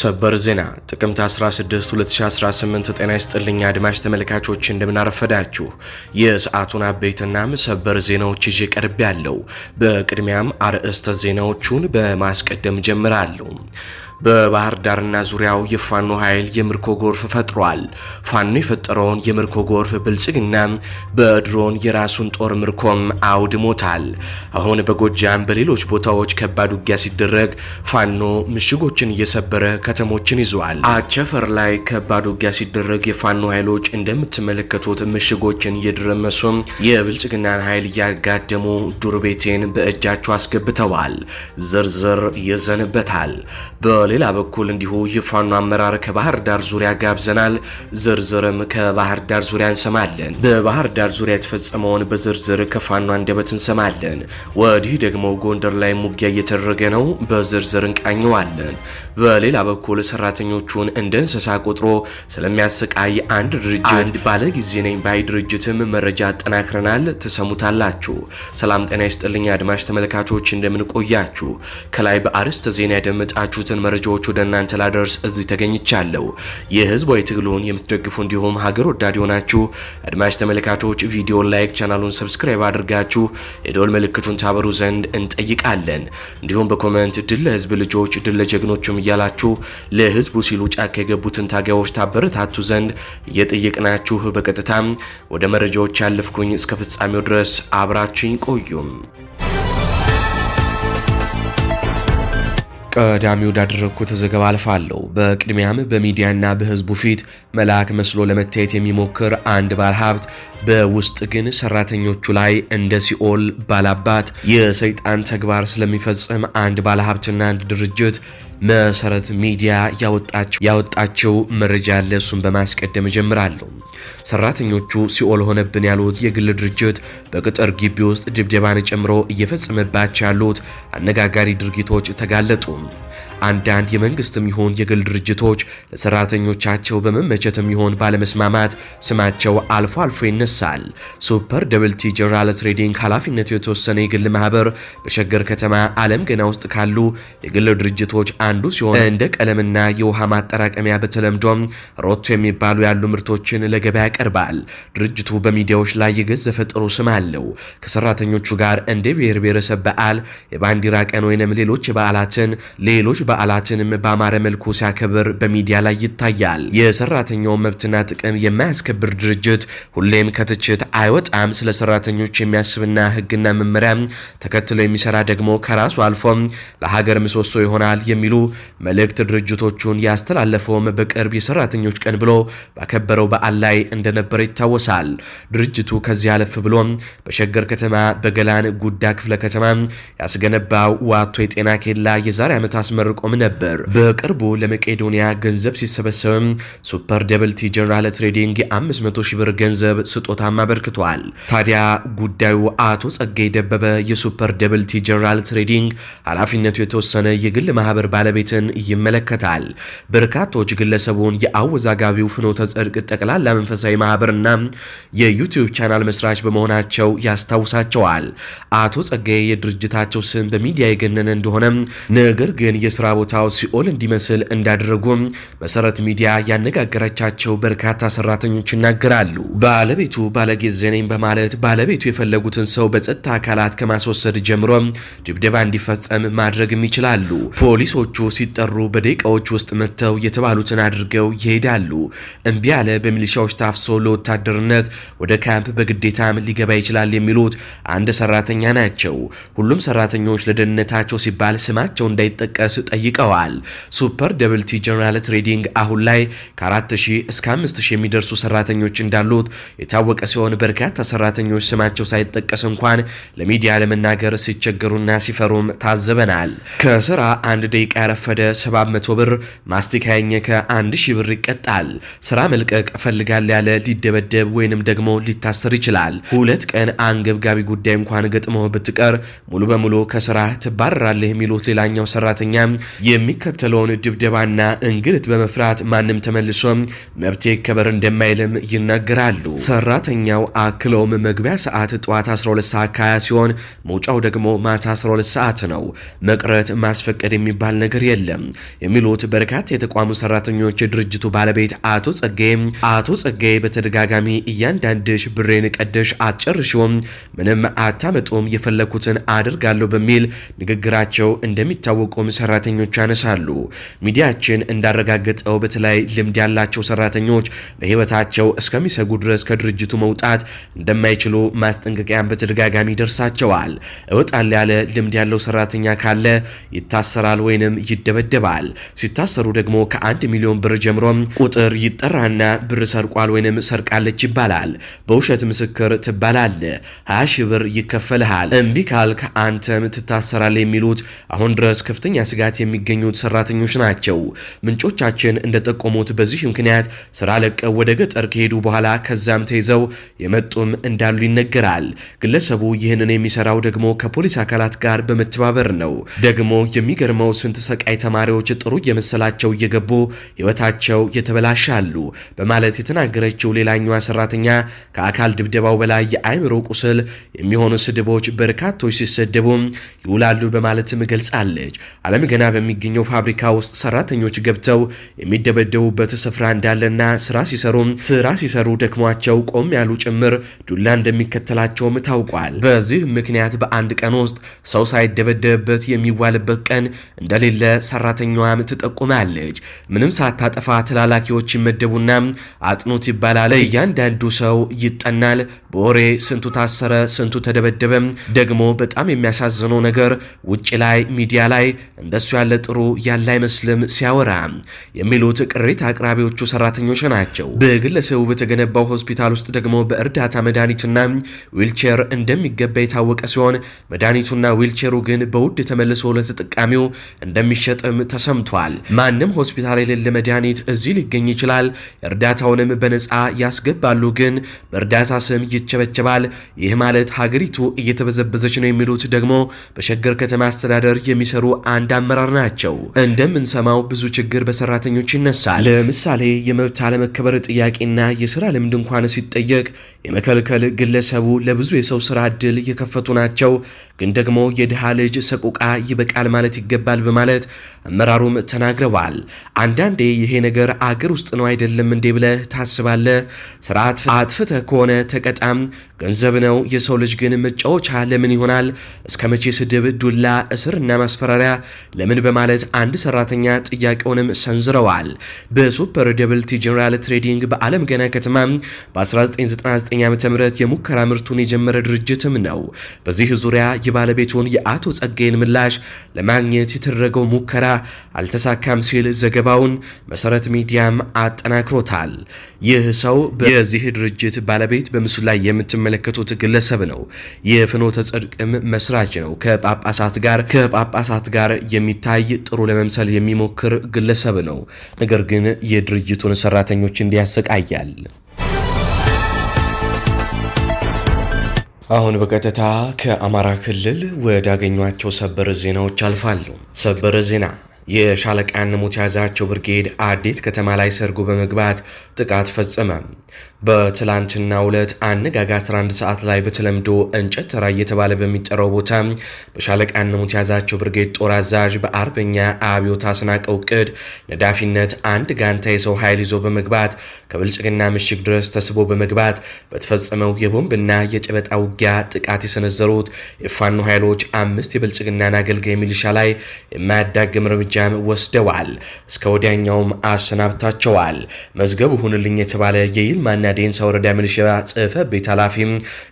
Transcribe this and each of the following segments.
ሰበር ዜና ጥቅምት 16 2018። ጤና ይስጥልኝ አድማጭ ተመልካቾች እንደምናረፈዳችሁ የሰዓቱን አበይትና ሰበር ዜናዎች ይዤ ቀርብ ያለው። በቅድሚያም አርዕስተ ዜናዎቹን በማስቀደም ጀምራለሁ። በባህር ዳርና ዙሪያው የፋኖ ኃይል የምርኮ ጎርፍ ፈጥሯል። ፋኖ የፈጠረውን የምርኮ ጎርፍ ብልጽግና በድሮን የራሱን ጦር ምርኮም አውድሞታል። አሁን በጎጃም በሌሎች ቦታዎች ከባድ ውጊያ ሲደረግ ፋኖ ምሽጎችን እየሰበረ ከተሞችን ይዟል። አቸፈር ላይ ከባድ ውጊያ ሲደረግ የፋኖ ኃይሎች እንደምትመለከቱት ምሽጎችን እየደረመሱ የብልጽግናን ኃይል እያጋደሙ ዱር ቤቴን በእጃቸው አስገብተዋል። ዝርዝር ይዘንበታል። በሌላ በኩል እንዲሁ የፋኖ አመራር ከባህር ዳር ዙሪያ ጋብዘናል፣ ዝርዝርም ከባህር ዳር ዙሪያ እንሰማለን። በባህር ዳር ዙሪያ የተፈጸመውን በዝርዝር ከፋኖ አንደበት እንሰማለን። ወዲህ ደግሞ ጎንደር ላይ ውጊያ እየተደረገ ነው፣ በዝርዝር እንቃኘዋለን። በሌላ በኩል ሰራተኞቹን እንደ እንስሳ ቆጥሮ ስለሚያሰቃይ አንድ ድርጅት አንድ ነኝ ባይ ድርጅትም መረጃ አጠናክረናል፣ ትሰሙታላችሁ። ሰላም ጤና ይስጥልኝ አድማጭ ተመልካቾች እንደምንቆያችሁ ከላይ በአርስተ ዜና ያደመጣችሁትን መረጃ መረጃዎች ወደ እናንተ ላደርስ እዚህ ተገኝቻለሁ። የህዝባዊ ትግሉን የምትደግፉ እንዲሁም ሀገር ወዳድ የሆናችሁ አድማጭ ተመልካቾች ቪዲዮን ላይክ፣ ቻናሉን ሰብስክራይብ አድርጋችሁ የደወል ምልክቱን ታበሩ ዘንድ እንጠይቃለን። እንዲሁም በኮመንት ድል ለህዝብ ልጆች ድል ለጀግኖቹም እያላችሁ ለህዝቡ ሲሉ ጫካ የገቡትን ታጋዮች ታበረታቱ ዘንድ እየጠየቅናችሁ በቀጥታ ወደ መረጃዎች ያለፍኩኝ እስከ ፍጻሜው ድረስ አብራችሁኝ ቆዩም። ቀዳሚ ወዳደረግኩት ዘገባ አልፋለሁ። በቅድሚያም በሚዲያና በህዝቡ ፊት መልአክ መስሎ ለመታየት የሚሞክር አንድ ባለሀብት በውስጥ ግን ሰራተኞቹ ላይ እንደ ሲኦል ባላባት የሰይጣን ተግባር ስለሚፈጽም አንድ ባለሀብትና አንድ ድርጅት መሰረት ሚዲያ ያወጣቸው መረጃ አለ። እሱን በማስቀደም እጀምራለሁ። ሰራተኞቹ ሲኦል ሆነብን ያሉት የግል ድርጅት በቅጥር ግቢ ውስጥ ድብደባን ጨምሮ እየፈጸመባቸው ያሉት አነጋጋሪ ድርጊቶች ተጋለጡ። አንዳንድ የመንግስትም ይሁን የግል ድርጅቶች ለሰራተኞቻቸው በመመቸትም ይሁን ባለመስማማት ስማቸው አልፎ አልፎ ይነሳል። ሱፐር ደብልቲ ጀነራል ትሬዲንግ ኃላፊነቱ የተወሰነ የግል ማህበር በሸገር ከተማ አለም ገና ውስጥ ካሉ የግል ድርጅቶች አንዱ ሲሆን እንደ ቀለምና የውሃ ማጠራቀሚያ በተለምዶም ሮቶ የሚባሉ ያሉ ምርቶችን ለገበያ ያቀርባል። ድርጅቱ በሚዲያዎች ላይ የገዘፈ ጥሩ ስም አለው። ከሰራተኞቹ ጋር እንደ ብሔር ብሔረሰብ በዓል፣ የባንዲራ ቀን ወይንም ሌሎች በዓላትን ሌሎች በዓላትንም በአማረ መልኩ ሲያከብር በሚዲያ ላይ ይታያል። የሰራተኛውን መብትና ጥቅም የማያስከብር ድርጅት ሁሌም ከትችት አይወጣም። ስለ ሰራተኞች የሚያስብና ህግና መመሪያ ተከትሎ የሚሰራ ደግሞ ከራሱ አልፎም ለሀገር ምሰሶ ይሆናል የሚሉ መልእክት ድርጅቶቹን ያስተላለፈውም በቅርብ የሰራተኞች ቀን ብሎ ባከበረው በዓል ላይ እንደነበረ ይታወሳል። ድርጅቱ ከዚህ አለፍ ብሎ በሸገር ከተማ በገላን ጉዳ ክፍለ ከተማ ያስገነባው ዋቶ የጤና ኬላ የዛሬ ዓመት አስመርቆ ማቆም ነበር። በቅርቡ ለመቄዶንያ ገንዘብ ሲሰበሰብም ሱፐር ደብልቲ ጀነራል ትሬዲንግ የ500 ሺህ ብር ገንዘብ ስጦታም አበርክቷል። ታዲያ ጉዳዩ አቶ ጸጋይ ደበበ የሱፐር ደብልቲ ጀነራል ትሬዲንግ ኃላፊነቱ የተወሰነ የግል ማህበር ባለቤትን ይመለከታል። በርካቶች ግለሰቡን የአወዛጋቢው ፍኖተ ጽድቅ ጠቅላላ መንፈሳዊ ማህበርና የዩቲዩብ ቻናል መስራች በመሆናቸው ያስታውሳቸዋል። አቶ ጸጋዬ የድርጅታቸው ስም በሚዲያ የገነነ እንደሆነም ነገር ግን የስራ ቦታው ሲኦል እንዲመስል እንዳደረጉ መሰረት ሚዲያ ያነጋገረቻቸው በርካታ ሰራተኞች ይናገራሉ። ባለቤቱ ባለጌ ዘነኝ በማለት ባለቤቱ የፈለጉትን ሰው በጸጥታ አካላት ከማስወሰድ ጀምሮ ድብደባ እንዲፈጸም ማድረግም ይችላሉ። ፖሊሶቹ ሲጠሩ በደቂቃዎች ውስጥ መጥተው የተባሉትን አድርገው ይሄዳሉ። እምቢ ያለ በሚሊሻዎች ታፍሶ ለወታደርነት ወደ ካምፕ በግዴታም ሊገባ ይችላል የሚሉት አንድ ሰራተኛ ናቸው። ሁሉም ሰራተኞች ለደህንነታቸው ሲባል ስማቸው እንዳይጠቀስ ጠይቀዋል። ሱፐር ደብልቲ ጀነራል ትሬዲንግ አሁን ላይ ከ4000 እስከ 5000 የሚደርሱ ሰራተኞች እንዳሉት የታወቀ ሲሆን በርካታ ሰራተኞች ስማቸው ሳይጠቀስ እንኳን ለሚዲያ ለመናገር ሲቸገሩና ሲፈሩም ታዘበናል። ከስራ አንድ ደቂቃ ያረፈደ 700 ብር፣ ማስቲካ ከ 1000 ብር ይቀጣል። ስራ መልቀቅ እፈልጋለሁ ያለ ሊደበደብ ወይንም ደግሞ ሊታሰር ይችላል። ሁለት ቀን አንገብጋቢ ጉዳይ እንኳን ገጥሞ ብትቀር ሙሉ በሙሉ ከስራ ትባረራለህ የሚሉት ሌላኛው ሰራተኛ የሚከተለውን ድብደባና እንግልት በመፍራት ማንም ተመልሶ መብቴ ከበር እንደማይልም ይናገራሉ። ሰራተኛው አክለውም መግቢያ ሰዓት ጠዋት 12 ሰዓት ካያ ሲሆን መውጫው ደግሞ ማታ 12 ሰዓት ነው። መቅረት ማስፈቀድ የሚባል ነገር የለም የሚሉት በርካታ የተቋሙ ሰራተኞች የድርጅቱ ባለቤት አቶ ጸጋዬ አቶ ጸጋዬ በተደጋጋሚ እያንዳንድሽ ብሬን ቀደሽ አትጨርሽውም፣ ምንም አታመጡም፣ የፈለኩትን አድርጋለሁ በሚል ንግግራቸው እንደሚታወቁም ሰራተኛ ሰራተኞች ያነሳሉ። ሚዲያችን እንዳረጋገጠው በተለይ ልምድ ያላቸው ሰራተኞች ለህይወታቸው እስከሚሰጉ ድረስ ከድርጅቱ መውጣት እንደማይችሉ ማስጠንቀቂያን በተደጋጋሚ ደርሳቸዋል። እወጣል ያለ ልምድ ያለው ሰራተኛ ካለ ይታሰራል ወይንም ይደበደባል። ሲታሰሩ ደግሞ ከአንድ ሚሊዮን ብር ጀምሮ ቁጥር ይጠራና ብር ሰርቋል ወይንም ሰርቃለች ይባላል። በውሸት ምስክር ትባላለ። ሀያ ሺህ ብር ይከፈልሃል። እምቢ ካልክ አንተም ትታሰራል የሚሉት አሁን ድረስ ከፍተኛ ስጋት የሚገኙት ሰራተኞች ናቸው። ምንጮቻችን እንደጠቆሙት በዚህ ምክንያት ስራ ለቀው ወደ ገጠር ከሄዱ በኋላ ከዛም ተይዘው የመጡም እንዳሉ ይነገራል። ግለሰቡ ይህንን የሚሰራው ደግሞ ከፖሊስ አካላት ጋር በመተባበር ነው። ደግሞ የሚገርመው ስንት ሰቃይ ተማሪዎች ጥሩ እየመሰላቸው እየገቡ ህይወታቸው የተበላሻሉ በማለት የተናገረችው ሌላኛዋ ሰራተኛ ከአካል ድብደባው በላይ የአይምሮ ቁስል የሚሆኑ ስድቦች በርካቶች ሲሰደቡ ይውላሉ በማለትም ገልጻለች። አለም ገና በሚገኘው ፋብሪካ ውስጥ ሰራተኞች ገብተው የሚደበደቡበት ስፍራ እንዳለና ስራ ሲሰሩ ስራ ሲሰሩ ደክሟቸው ቆም ያሉ ጭምር ዱላ እንደሚከተላቸውም ታውቋል። በዚህ ምክንያት በአንድ ቀን ውስጥ ሰው ሳይደበደብበት የሚዋልበት ቀን እንደሌለ ሰራተኛዋም ትጠቁማለች። ምንም ሳታጠፋ ተላላኪዎች ይመደቡና አጥኑት ይባላል። እያንዳንዱ ሰው ይጠናል። በወሬ ስንቱ ታሰረ፣ ስንቱ ተደበደበም። ደግሞ በጣም የሚያሳዝነው ነገር ውጭ ላይ ሚዲያ ላይ እንደሱ ያለ ጥሩ ያለ አይመስልም ሲያወራ የሚሉት ቅሬታ አቅራቢዎቹ ሰራተኞች ናቸው። በግለሰቡ በተገነባው ሆስፒታል ውስጥ ደግሞ በእርዳታ መድኃኒትና ዊልቸር እንደሚገባ የታወቀ ሲሆን መድኃኒቱና ዊልቸሩ ግን በውድ ተመልሶ ለተጠቃሚው እንደሚሸጥም ተሰምቷል። ማንም ሆስፒታል የሌለ መድኃኒት እዚህ ሊገኝ ይችላል። እርዳታውንም በነፃ ያስገባሉ፣ ግን በእርዳታ ስም ይቸበቸባል። ይህ ማለት ሀገሪቱ እየተበዘበዘች ነው የሚሉት ደግሞ በሸገር ከተማ አስተዳደር የሚሰሩ አንድ አመራር ናቸው። እንደምንሰማው ብዙ ችግር በሰራተኞች ይነሳል። ለምሳሌ የመብት አለመከበር ጥያቄና የስራ ልምድ እንኳን ሲጠየቅ የመከልከል ግለሰቡ ለብዙ የሰው ስራ እድል እየከፈቱ ናቸው፣ ግን ደግሞ የድሃ ልጅ ሰቆቃ ይበቃል ማለት ይገባል በማለት አመራሩም ተናግረዋል። አንዳንዴ ይሄ ነገር አገር ውስጥ ነው አይደለም እንዴ ብለህ ታስባለህ። ስራ አጥፍተህ ከሆነ ተቀጣም፣ ገንዘብ ነው። የሰው ልጅ ግን መጫወቻ ለምን ይሆናል? እስከ መቼ ስድብ፣ ዱላ፣ እስርና ማስፈራሪያ ለምን በማለት አንድ ሰራተኛ ጥያቄውንም ሰንዝረዋል። በሱፐር ደብልቲ ጀነራል ትሬዲንግ በአለም ገና ከተማ በ1999 ዓ ም የሙከራ ምርቱን የጀመረ ድርጅትም ነው። በዚህ ዙሪያ የባለቤቱን የአቶ ጸጋይን ምላሽ ለማግኘት የተደረገው ሙከራ አልተሳካም ሲል ዘገባውን መሰረት ሚዲያም አጠናክሮታል። ይህ ሰው በዚህ ድርጅት ባለቤት በምስሉ ላይ የምትመ የተመለከቱት ግለሰብ ነው። የፍኖተ ጽድቅም መስራች ነው። ከጳጳሳት ጋር ከጳጳሳት ጋር የሚታይ ጥሩ ለመምሰል የሚሞክር ግለሰብ ነው። ነገር ግን የድርጅቱን ሰራተኞች እንዲያሰቃያል። አሁን በቀጥታ ከአማራ ክልል ወዳገኟቸው ሰበር ዜናዎች አልፋሉ። ሰበር ዜና የሻለቃን ሙት ያዛቸው ብርጌድ አዴት ከተማ ላይ ሰርጎ በመግባት ጥቃት ፈጸመ። በትላንትና ሁለት አነጋጋ 11 ሰዓት ላይ በተለምዶ እንጨት ተራ እየተባለ በሚጠራው ቦታ በሻለቃ አነሙት ያዛቸው ብርጌድ ጦር አዛዥ በአርበኛ አብዮት አስናቀው ቅድ ነዳፊነት አንድ ጋንታ የሰው ኃይል ይዞ በመግባት ከብልጽግና ምሽግ ድረስ ተስቦ በመግባት በተፈጸመው የቦምብና የጨበጣ ውጊያ ጥቃት የሰነዘሩት የፋኖ ኃይሎች አምስት የብልጽግናን አገልጋይ ሚሊሻ ላይ የማያዳግም እርምጃም ወስደዋል። እስከ ወዲያኛውም አሰናብታቸዋል። መዝገብ ሁንልኝ የተባለ የይልማና ዴንሳ ወረዳ ሚሊሻ ጽህፈት ቤት ኃላፊ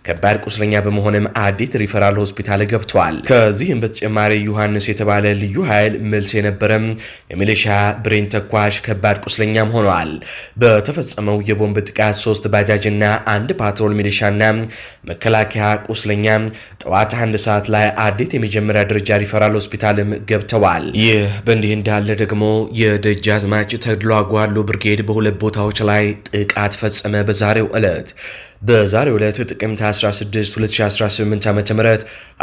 ከባድ ቁስለኛ በመሆንም አዲት ሪፈራል ሆስፒታል ገብተዋል። ከዚህም በተጨማሪ ዮሐንስ የተባለ ልዩ ኃይል መልስ የነበረም የሚሊሻ ብሬን ተኳሽ ከባድ ቁስለኛም ሆነዋል። በተፈጸመው የቦምብ ጥቃት ሶስት ባጃጅና አንድ ፓትሮል ሚሊሻና መከላከያ ቁስለኛ ጠዋት አንድ ሰዓት ላይ አዴት የመጀመሪያ ደረጃ ሪፈራል ሆስፒታልም ገብተዋል። ይህ በእንዲህ እንዳለ ደግሞ የደጃዝማች ተድሎ አጓሉ ብርጌድ በሁለት ቦታዎች ላይ ጥቃት ፈጸመ። بزاري وقلت በዛሬ ዕለት ጥቅምት 16 2018 ዓ ም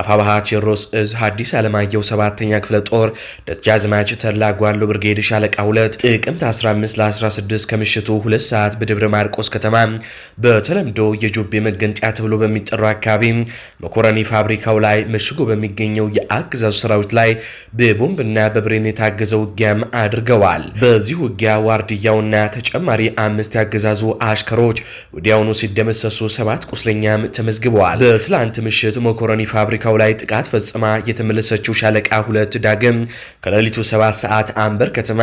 አፋባሃ ቴዎድሮስ እዝ ሐዲስ ዓለማየሁ ሰባተኛ ክፍለ ጦር ደጃዝማች ተድላ ጓሎ ብርጌድ ሻለቃ 2 ጥቅምት 15 ለ16 ከምሽቱ 2 ሰዓት በደብረ ማርቆስ ከተማ በተለምዶ የጆቤ መገንጫ ተብሎ በሚጠራው አካባቢ መኮረኒ ፋብሪካው ላይ መሽጎ በሚገኘው የአገዛዙ ሰራዊት ላይ በቦምብና በብሬን የታገዘ ውጊያም አድርገዋል። በዚህ ውጊያ ዋርድያውና ተጨማሪ አምስት ያገዛዙ አሽከሮች ወዲያውኑ ሲደመሰ የተደመሰሱ ሰባት ቁስለኛም ተመዝግበዋል። በትላንት ምሽት መኮረኒ ፋብሪካው ላይ ጥቃት ፈጽማ የተመለሰችው ሻለቃ ሁለት ዳግም ከሌሊቱ ሰባት ሰዓት አንበር ከተማ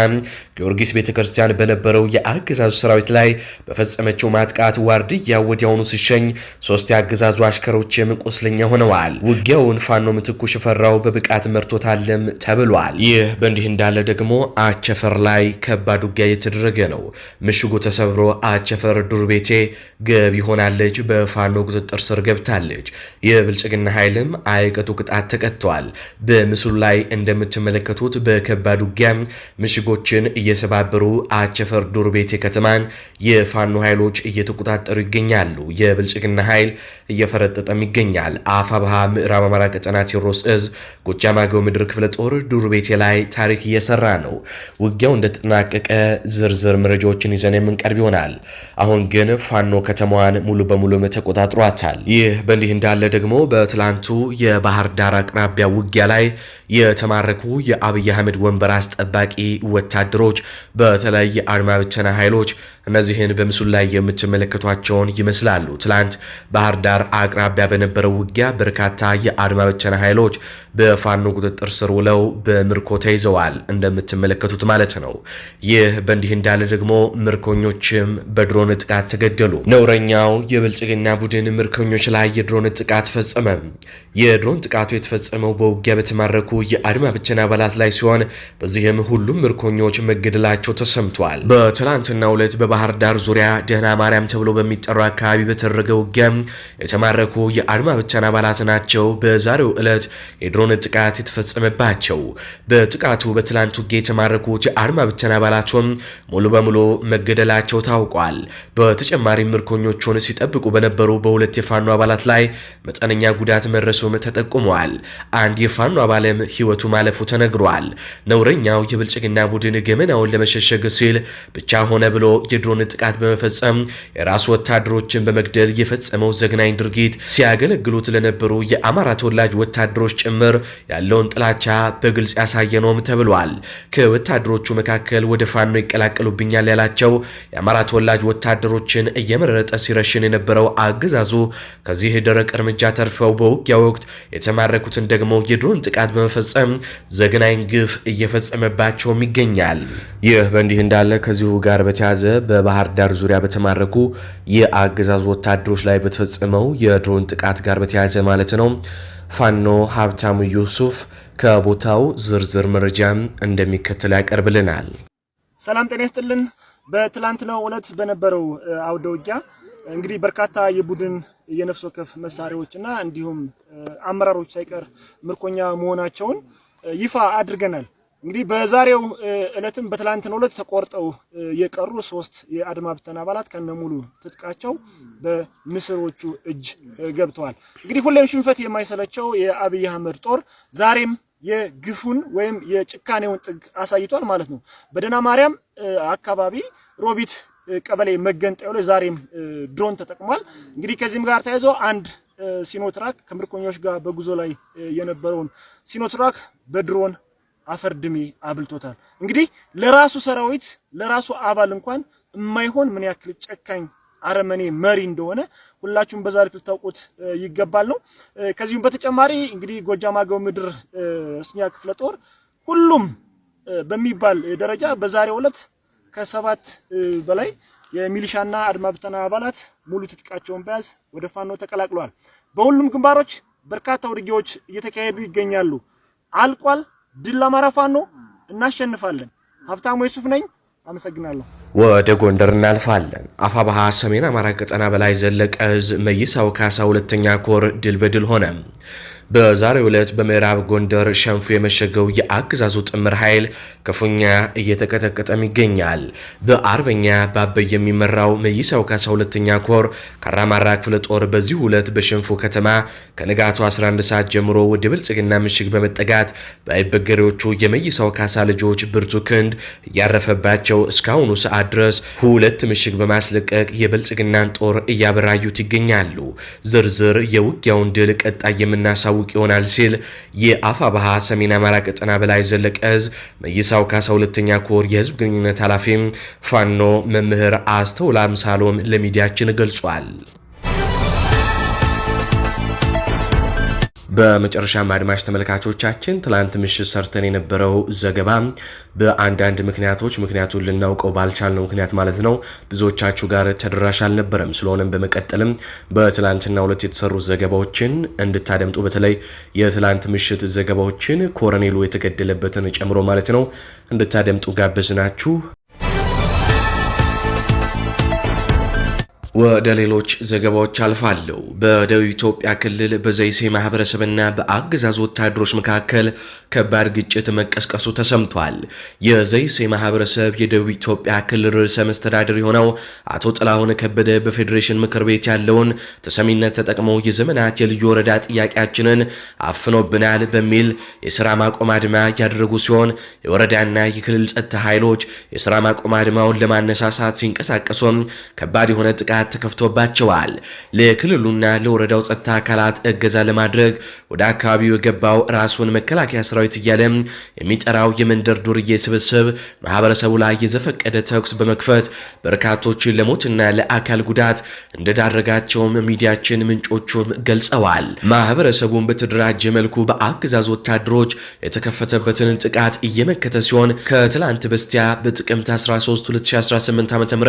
ጊዮርጊስ ቤተክርስቲያን በነበረው የአገዛዙ ሰራዊት ላይ በፈጸመችው ማጥቃት ዋርድያ ወዲያውኑ ሲሸኝ ሶስት የአገዛዙ አሽከሮችም ቁስለኛ ሆነዋል። ውጊያውን ፋኖ ምትኩ ሽፈራው በብቃት መርቶታለም ተብሏል። ይህ በእንዲህ እንዳለ ደግሞ አቸፈር ላይ ከባድ ውጊያ እየተደረገ ነው። ምሽጉ ተሰብሮ አቸፈር ዱር ቤቴ ገብ ይሆናል ትገኛለች። በፋኖ ቁጥጥር ስር ገብታለች። የብልጽግና ኃይልም አይቀጡ ቅጣት ተቀጥቷል። በምስሉ ላይ እንደምትመለከቱት በከባድ ውጊያ ምሽጎችን እየሰባበሩ አቸፈር ዱር ቤቴ ከተማን የፋኖ ኃይሎች እየተቆጣጠሩ ይገኛሉ። የብልጽግና ኃይል እየፈረጠጠም ይገኛል። አፋብሃ ምዕራብ አማራ ቀጠና ቴዎድሮስ እዝ ጎጃም አገው ምድር ክፍለ ጦር ዱር ቤቴ ላይ ታሪክ እየሰራ ነው። ውጊያው እንደተጠናቀቀ ዝርዝር መረጃዎችን ይዘን የምንቀርብ ይሆናል። አሁን ግን ፋኖ ከተማዋን ሙሉ በሙሉ ተቆጣጥሯታል። ይህ በእንዲህ እንዳለ ደግሞ በትላንቱ የባህር ዳር አቅራቢያ ውጊያ ላይ የተማረኩ የአብይ አህመድ ወንበር አስጠባቂ ወታደሮች በተለያየ አድማ ብተና ኃይሎች እነዚህን በምስሉ ላይ የምትመለከቷቸውን ይመስላሉ። ትላንት ባህር ዳር አቅራቢያ በነበረው ውጊያ በርካታ የአድማ ኃይሎች በፋኖ ቁጥጥር ስር ውለው በምርኮ ተይዘዋል፣ እንደምትመለከቱት ማለት ነው። ይህ በእንዲህ እንዳለ ደግሞ ምርኮኞችም በድሮን ጥቃት ተገደሉ። ነውረኛው የብልጽግና ቡድን ምርኮኞች ላይ የድሮን ጥቃት ፈጸመ። የድሮን ጥቃቱ የተፈጸመው በውጊያ በተማረኩ የአድማ ብቸና አባላት ላይ ሲሆን በዚህም ሁሉም ምርኮኞች መገደላቸው ተሰምቷል። በትላንትናው ዕለት በባህር ዳር ዙሪያ ደህና ማርያም ተብሎ በሚጠራው አካባቢ በተደረገ ውጊያ የተማረኩ የአድማ ብተና አባላት ናቸው በዛሬው ዕለት የድሮን ጥቃት የተፈጸመባቸው። በጥቃቱ በትላንት ውጊያ የተማረኩት የአድማ ብተና አባላቱም ሙሉ በሙሉ መገደላቸው ታውቋል። በተጨማሪም ምርኮኞቹን ሲጠብቁ በነበሩ በሁለት የፋኖ አባላት ላይ መጠነኛ ጉዳት መድረሱም ተጠቁመዋል። አንድ የፋኖ አባልም ህይወቱ ማለፉ ተነግሯል። ነውረኛው የብልጽግና ቡድን ገመናውን ለመሸሸግ ሲል ብቻ ሆነ ብሎ የድሮን ጥቃት በመፈጸም የራሱ ወታደሮችን በመግደል የፈጸመው ዘግናኝ ድርጊት ሲያገለግሉት ለነበሩ የአማራ ተወላጅ ወታደሮች ጭምር ያለውን ጥላቻ በግልጽ ያሳየ ነውም ተብሏል። ከወታደሮቹ መካከል ወደ ፋኖ ይቀላቀሉብኛል ያላቸው የአማራ ተወላጅ ወታደሮችን እየመረጠ ሲረሽን የነበረው አገዛዙ ከዚህ ደረቅ እርምጃ ተርፈው በውጊያ ወቅት የተማረኩትን ደግሞ የድሮን ጥቃት በመፈጸም ዘግናኝ ግፍ እየፈጸመባቸውም ይገኛል። ይህ በእንዲህ እንዳለ ከዚሁ ጋር በተያዘ በባህር ዳር ዙሪያ በተማረኩ የአገዛዝ ወታደሮች ላይ በተፈጸመው የድሮን ጥቃት ጋር በተያያዘ ማለት ነው። ፋኖ ሀብታሙ ዩሱፍ ከቦታው ዝርዝር መረጃ እንደሚከተል ያቀርብልናል። ሰላም ጤና ይስጥልን። በትላንትናው እውነት በነበረው አውደ ውጊያ እንግዲህ በርካታ የቡድን የነፍስ ወከፍ መሳሪያዎች እና እንዲሁም አመራሮች ሳይቀር ምርኮኛ መሆናቸውን ይፋ አድርገናል። እንግዲህ በዛሬው እለትም በትላንትናው እለት ተቆርጠው የቀሩ ሶስት የአድማ ብተና አባላት ከነሙሉ ትጥቃቸው በንስሮቹ እጅ ገብተዋል። እንግዲህ ሁሌም ሽንፈት የማይሰለቸው የአብይ አህመድ ጦር ዛሬም የግፉን ወይም የጭካኔውን ጥግ አሳይቷል ማለት ነው። በደና ማርያም አካባቢ ሮቢት ቀበሌ መገንጠዩ ላይ ዛሬም ድሮን ተጠቅሟል። እንግዲህ ከዚህም ጋር ተያይዞ አንድ ሲኖትራክ ከምርኮኞች ጋር በጉዞ ላይ የነበረውን ሲኖትራክ በድሮን አፈር ድሜ አብልቶታል። እንግዲህ ለራሱ ሰራዊት ለራሱ አባል እንኳን የማይሆን ምን ያክል ጨካኝ አረመኔ መሪ እንደሆነ ሁላችሁም በዛሬ ልታውቁት ይገባል ነው። ከዚሁም በተጨማሪ እንግዲህ ጎጃም አገው ምድር እስኛ ክፍለ ጦር ሁሉም በሚባል ደረጃ በዛሬው ዕለት ከሰባት በላይ የሚሊሻና አድማብተና አባላት ሙሉ ትጥቃቸውን በያዝ ወደ ፋኖ ተቀላቅለዋል። በሁሉም ግንባሮች በርካታ ውድጌዎች እየተካሄዱ ይገኛሉ። አልቋል ድል ለአማራ ፋኖ ነው። እናሸንፋለን። ሀብታሙ የሱፍ ነኝ። አመሰግናለሁ። ወደ ጎንደር እናልፋለን። አፋባሃ ሰሜን አማራ ቀጠና በላይ ዘለቀ እዝ መይሳው ካሳ ሁለተኛ ኮር ድል በድል ሆነ። በዛሬው ዕለት በምዕራብ ጎንደር ሸንፉ የመሸገው የአገዛዙ ጥምር ኃይል ክፉኛ እየተቀጠቀጠም ይገኛል። በአርበኛ ባበይ የሚመራው መይሳው ካሳ ሁለተኛ ኮር ከአራማራ ክፍለ ጦር በዚህ ዕለት በሸንፉ ከተማ ከንጋቱ 11 ሰዓት ጀምሮ ወደ ብልጽግና ምሽግ በመጠጋት በአይበገሬዎቹ የመይሳው ካሳ ልጆች ብርቱ ክንድ እያረፈባቸው እስካሁኑ ሰዓት ድረስ ሁለት ምሽግ በማስለቀቅ የብልጽግናን ጦር እያበራዩት ይገኛሉ። ዝርዝር የውጊያውን ድል ቀጣይ የምናሳው የሚታወቅ ይሆናል ሲል የአፋ ባሃ ሰሜን አማራ ቀጠና በላይ ዘለቀ እዝ መይሳው ካሳ ሁለተኛ ኮር የህዝብ ግንኙነት ኃላፊም ፋኖ መምህር አስተውላም ሳሎም ለሚዲያችን ገልጿል። በመጨረሻም አድማጭ ተመልካቾቻችን ትላንት ምሽት ሰርተን የነበረው ዘገባ በአንዳንድ ምክንያቶች ምክንያቱን ልናውቀው ባልቻልነው ምክንያት ማለት ነው ብዙዎቻችሁ ጋር ተደራሽ አልነበረም። ስለሆነም በመቀጠልም በትላንትና ሁለት የተሰሩ ዘገባዎችን እንድታደምጡ በተለይ የትላንት ምሽት ዘገባዎችን ኮረኔሉ የተገደለበትን ጨምሮ ማለት ነው እንድታደምጡ ጋበዝናችሁ። ወደ ሌሎች ዘገባዎች አልፋለሁ። በደቡብ ኢትዮጵያ ክልል በዘይሴ ማህበረሰብና በአገዛዝ ወታደሮች መካከል ከባድ ግጭት መቀስቀሱ ተሰምቷል። የዘይሴ ማህበረሰብ የደቡብ ኢትዮጵያ ክልል ርዕሰ መስተዳድር የሆነው አቶ ጥላሁን ከበደ በፌዴሬሽን ምክር ቤት ያለውን ተሰሚነት ተጠቅመው የዘመናት የልዩ ወረዳ ጥያቄያችንን አፍኖብናል በሚል የስራ ማቆም አድማ ያደረጉ ሲሆን የወረዳና የክልል ጸጥታ ኃይሎች የስራ ማቆም አድማውን ለማነሳሳት ሲንቀሳቀሱም ከባድ የሆነ ጥቃት ማዕከላት ተከፍቶባቸዋል። ለክልሉና ለወረዳው ጸጥታ አካላት እገዛ ለማድረግ ወደ አካባቢው የገባው ራሱን መከላከያ ሰራዊት እያለም የሚጠራው የመንደር ዱርዬ ስብስብ ማህበረሰቡ ላይ የዘፈቀደ ተኩስ በመክፈት በርካቶችን ለሞትና ለአካል ጉዳት እንደዳረጋቸውም ሚዲያችን ምንጮቹም ገልጸዋል። ማህበረሰቡን በተደራጀ መልኩ በአገዛዝ ወታደሮች የተከፈተበትን ጥቃት እየመከተ ሲሆን ከትላንት በስቲያ በጥቅምት 13 2018 ዓ ም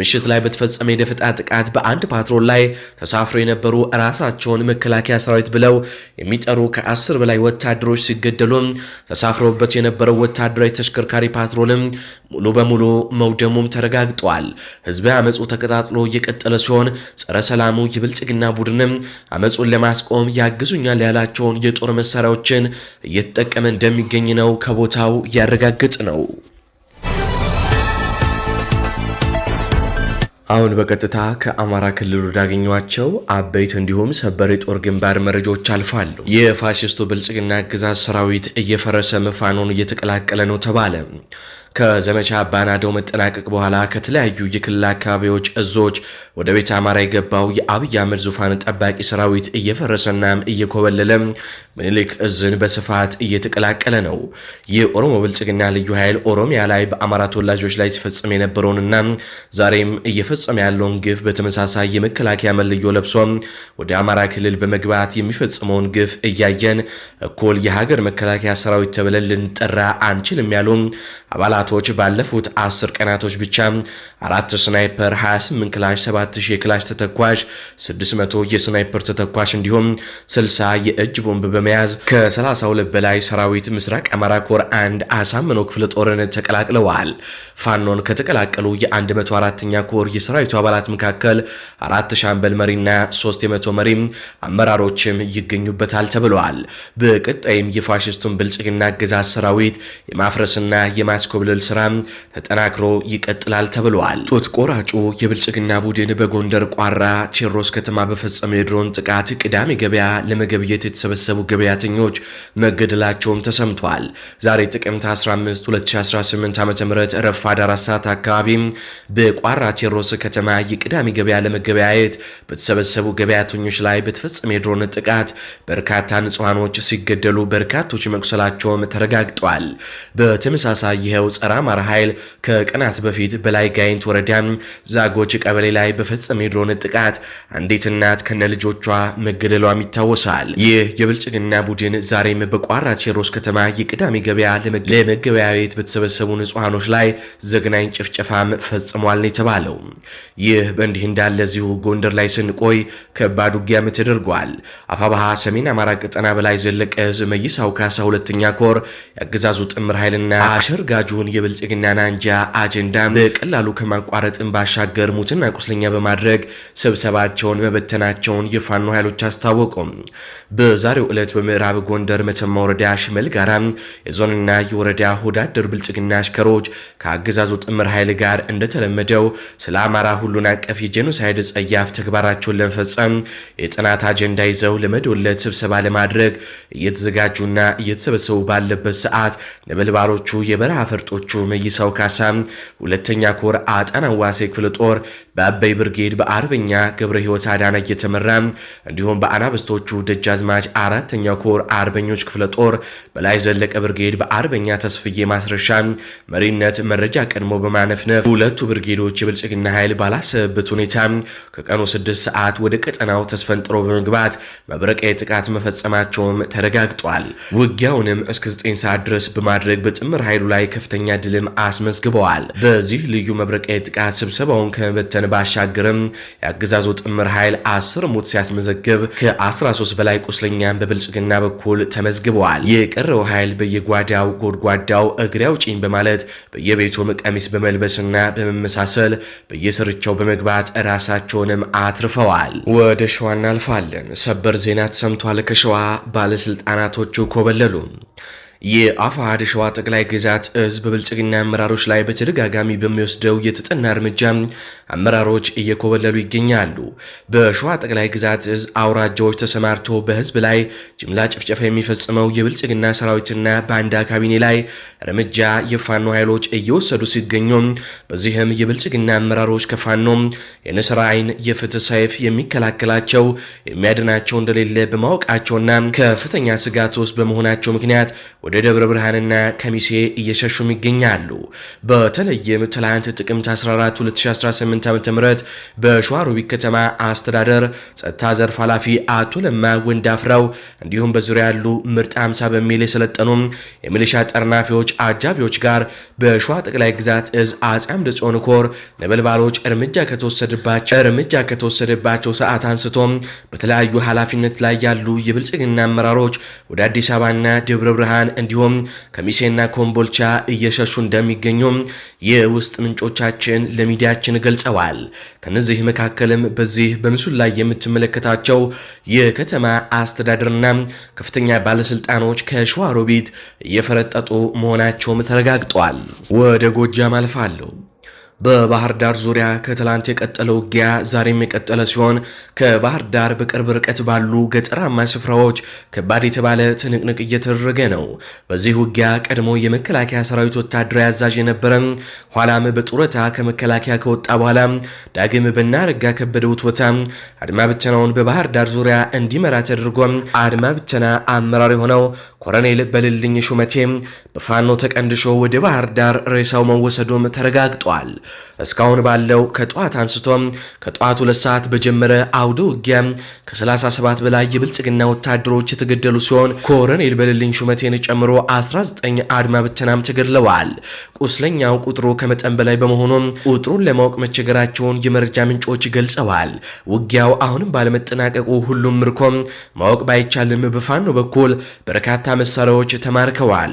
ምሽት ላይ በተፈጸመ የደፈጣ ጥቃት በአንድ ፓትሮል ላይ ተሳፍረው የነበሩ ራሳቸውን መከላከያ ሰራዊት ብለው የሚጠሩ ከአስር በላይ ወታደሮች ሲገደሉ ተሳፍረውበት የነበረው ወታደራዊ ተሽከርካሪ ፓትሮልም ሙሉ በሙሉ መውደሙም ተረጋግጧል። ህዝበ አመፁ ተቀጣጥሎ እየቀጠለ ሲሆን ጸረ ሰላሙ የብልጽግና ቡድንም አመፁን ለማስቆም ያግዙኛል ያላቸውን የጦር መሳሪያዎችን እየተጠቀመ እንደሚገኝ ነው ከቦታው ያረጋግጥ ነው። አሁን በቀጥታ ከአማራ ክልል ወዳገኟቸው አበይት እንዲሁም ሰበር የጦር ግንባር መረጃዎች አልፋሉ። የፋሽስቱ ብልጽግና አገዛዝ ሰራዊት እየፈረሰ መፋኖን እየተቀላቀለ ነው ተባለ። ከዘመቻ ባናዶ መጠናቀቅ በኋላ ከተለያዩ የክልል አካባቢዎች እዞች ወደ ቤት አማራ የገባው የአብይ አህመድ ዙፋን ጠባቂ ሰራዊት እየፈረሰና እየኮበለለም ምኒልክ እዝን በስፋት እየተቀላቀለ ነው። የኦሮሞ ብልጽግና ልዩ ኃይል ኦሮሚያ ላይ በአማራ ተወላጆች ላይ ሲፈጽም የነበረውንና ዛሬም እየፈጸመ ያለውን ግፍ በተመሳሳይ የመከላከያ መለዮ ለብሶ ወደ አማራ ክልል በመግባት የሚፈጽመውን ግፍ እያየን እኩል የሀገር መከላከያ ሰራዊት ተብለን ልንጠራ አንችልም ያሉ አባላት ጥቃቶች ባለፉት 10 ቀናቶች ብቻ 4 ስናይፐር፣ 28 ክላሽ፣ 7000 የክላሽ ተተኳሽ፣ 600 የስናይፐር ተተኳሽ እንዲሁም 60 የእጅ ቦምብ በመያዝ ከ32 በላይ ሰራዊት ምስራቅ አማራ ኮር አንድ አሳምኖ ክፍለ ጦርን ተቀላቅለዋል። ፋኖን ከተቀላቀሉ የ104ኛ ኮር የሰራዊቱ አባላት መካከል አራት ሻምበል መሪና ሶስት የመቶ መሪ አመራሮችም ይገኙበታል ተብለዋል። በቀጣይም የፋሽስቱን ብልጽግና አገዛዝ ሰራዊት የማፍረስና የማስኮብለ የመክለል ስራ ተጠናክሮ ይቀጥላል ተብሏል። ጡት ቆራጩ የብልጽግና ቡድን በጎንደር ቋራ ቴዎድሮስ ከተማ በፈጸመው የድሮን ጥቃት ቅዳሜ ገበያ ለመገብየት የተሰበሰቡ ገበያተኞች መገደላቸውም ተሰምቷል። ዛሬ ጥቅምት 15 2018 ዓ ም ረፋድ አራት ሰዓት አካባቢ በቋራ ቴዎድሮስ ከተማ የቅዳሜ ገበያ ለመገበያየት በተሰበሰቡ ገበያተኞች ላይ በተፈጸመ የድሮን ጥቃት በርካታ ንጹሐኖች ሲገደሉ በርካቶች መቁሰላቸውም ተረጋግጧል። በተመሳሳይ ይኸው ጸረ አማራ ኃይል ከቀናት በፊት በላይ ጋይንት ወረዳ ዛጎች ቀበሌ ላይ በፈጸመ የድሮን ጥቃት አንዲት እናት ከነ ልጆቿ መገደሏም ይታወሳል። ይህ የብልጽግና ቡድን ዛሬም በቋራ ቴዎድሮስ ከተማ የቅዳሜ ገበያ ለመገበያ ቤት በተሰበሰቡ ንጹሐኖች ላይ ዘግናኝ ጭፍጨፋም ፈጽሟል ነው የተባለው። ይህ በእንዲህ እንዳለ እዚሁ ጎንደር ላይ ስንቆይ ከባድ ውጊያም ተደርጓል። አፋባሃ ሰሜን አማራ ቀጠና በላይ ዘለቀ ዝመይሳው ካሳ ሁለተኛ ኮር የአገዛዙ ጥምር ኃይልና አሸርጋጁን የወቅቱን የብልጽግና አንጃ አጀንዳ በቀላሉ ከማቋረጥን ባሻገር ሙትና ቁስለኛ በማድረግ ስብሰባቸውን መበተናቸውን የፋኖ ኃይሎች አስታወቁም። በዛሬው ዕለት በምዕራብ ጎንደር መተማ ወረዳ ሽመል ጋራ የዞንና የወረዳ ሆዳደር ብልጽግና አሽከሮች ከአገዛዙ ጥምር ኃይል ጋር እንደተለመደው ስለ አማራ ሁሉን አቀፍ የጄኖሳይድ ጸያፍ ተግባራቸውን ለመፈጸም የጥናት አጀንዳ ይዘው ለመደወለት ስብሰባ ለማድረግ እየተዘጋጁና እየተሰበሰቡ ባለበት ሰዓት ነበልባሎቹ የበረሃ ፈርጦ አባቶቹ መይሰው ካሳ ሁለተኛ ኮር ዋሴ ክፍለ ጦር በአበይ ብርጌድ በአርበኛ ገብረ ህይወት አዳና እየተመራ እንዲሁም በአናብስቶቹ ደጃዝማች አራተኛ ኮር አርበኞች ክፍለ ጦር በላይ ዘለቀ ብርጌድ በአርበኛ ተስፍዬ ማስረሻ መሪነት መረጃ ቀድሞ በማነፍነፍ ሁለቱ ብርጌዶች የብልጽግና ኃይል ባላሰበበት ሁኔታ ከቀኑ 6 ሰዓት ወደ ቀጠናው ተስፈንጥሮ በመግባት መብረቃዊ ጥቃት መፈጸማቸውም ተረጋግጧል። ውጊያውንም እስከ 9 ሰዓት ድረስ በማድረግ በጥምር ኃይሉ ላይ ከፍተኛ ከፍተኛ ድልም አስመዝግበዋል። በዚህ ልዩ መብረቃዊ ጥቃት ስብሰባውን ከመበተን ባሻገርም የአገዛዙ ጥምር ኃይል አስር ሞት ሲያስመዘግብ ከ13 በላይ ቁስለኛን በብልጽግና በኩል ተመዝግበዋል። የቀረው ኃይል በየጓዳው ጎድጓዳው እግሬ አውጪኝ በማለት በየቤቱም ቀሚስ በመልበስና በመመሳሰል በየስርቻው በመግባት ራሳቸውንም አትርፈዋል። ወደ ሸዋ እናልፋለን። ሰበር ዜና ተሰምቷል። ከሸዋ ባለስልጣናቶቹ ኮበለሉ። የአፋሃድ ሸዋ ጠቅላይ ግዛት ህዝብ ብልጽግና አመራሮች ላይ በተደጋጋሚ በሚወስደው የተጠና እርምጃ አመራሮች እየኮበለሉ ይገኛሉ። በሸዋ ጠቅላይ ግዛት እዝ አውራጃዎች ተሰማርቶ በህዝብ ላይ ጅምላ ጭፍጨፋ የሚፈጽመው የብልጽግና ሰራዊትና ባንዳ ካቢኔ ላይ እርምጃ የፋኖ ኃይሎች እየወሰዱ ሲገኙ በዚህም የብልጽግና አመራሮች ከፋኖ የንስር አይን የፍትህ ሰይፍ የሚከላከላቸው የሚያድናቸው እንደሌለ በማወቃቸውና ከፍተኛ ስጋት ውስጥ በመሆናቸው ምክንያት ወደ ደብረ ብርሃንና ከሚሴ እየሸሹም ይገኛሉ። በተለይም ትላንት ጥቅምት 14 2018 2018 ዓ ም በሸዋሮቢት ከተማ አስተዳደር ጸጥታ ዘርፍ ኃላፊ አቶ ለማ ወንዳፍራው እንዲሁም በዙሪያ ያሉ ምርጥ 50 በሚል የሰለጠኑ የሚሊሻ ጠርናፊዎች አጃቢዎች ጋር በሸዋ ጠቅላይ ግዛት እዝ አጼ አምደ ጽዮን ኮር ነበልባሎች እርምጃ ከተወሰደባቸው እርምጃ ከተወሰደባቸው ሰዓት አንስቶ በተለያዩ ኃላፊነት ላይ ያሉ የብልጽግና አመራሮች ወደ አዲስ አበባና ደብረ ብርሃን እንዲሁም ከሚሴና ኮምቦልቻ እየሸሹ እንደሚገኙ የውስጥ ምንጮቻችን ለሚዲያችን ገልጸ ገልጸዋል። ከነዚህ መካከልም በዚህ በምስሉ ላይ የምትመለከታቸው የከተማ አስተዳደርና ከፍተኛ ባለስልጣኖች ከሸዋሮቢት እየፈረጠጡ መሆናቸውም ተረጋግጧል። ወደ ጎጃም አልፋለሁ። በባህር ዳር ዙሪያ ከትላንት የቀጠለው ውጊያ ዛሬም የቀጠለ ሲሆን ከባህር ዳር በቅርብ ርቀት ባሉ ገጠራማ ስፍራዎች ከባድ የተባለ ትንቅንቅ እየተደረገ ነው። በዚህ ውጊያ ቀድሞ የመከላከያ ሰራዊት ወታደራዊ አዛዥ የነበረ ኋላም በጡረታ ከመከላከያ ከወጣ በኋላ ዳግም በናረጋ ከበደ ውትወታ አድማ ብተናውን በባህር ዳር ዙሪያ እንዲመራ ተደርጎ አድማ ብተና አመራር የሆነው ኮረኔል በልልኝ ሹመቴ በፋኖ ተቀንድሾ ወደ ባህር ዳር ሬሳው መወሰዱም ተረጋግጧል። እስካሁን ባለው ከጠዋት አንስቶ ከጠዋት ሁለት ሰዓት በጀመረ አውደ ውጊያ ከ37 በላይ የብልጽግና ወታደሮች የተገደሉ ሲሆን ኮረኔል በልልኝ ሹመቴን ጨምሮ 19 አድማ ብተናም ተገድለዋል። ቁስለኛው ቁጥሩ ከመጠን በላይ በመሆኑም ቁጥሩን ለማወቅ መቸገራቸውን የመረጃ ምንጮች ገልጸዋል። ውጊያው አሁንም ባለመጠናቀቁ ሁሉም ምርኮም ማወቅ ባይቻልም በፋኖ በኩል በርካታ መሳሪያዎች ተማርከዋል።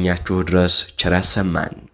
یک رو درست سمند.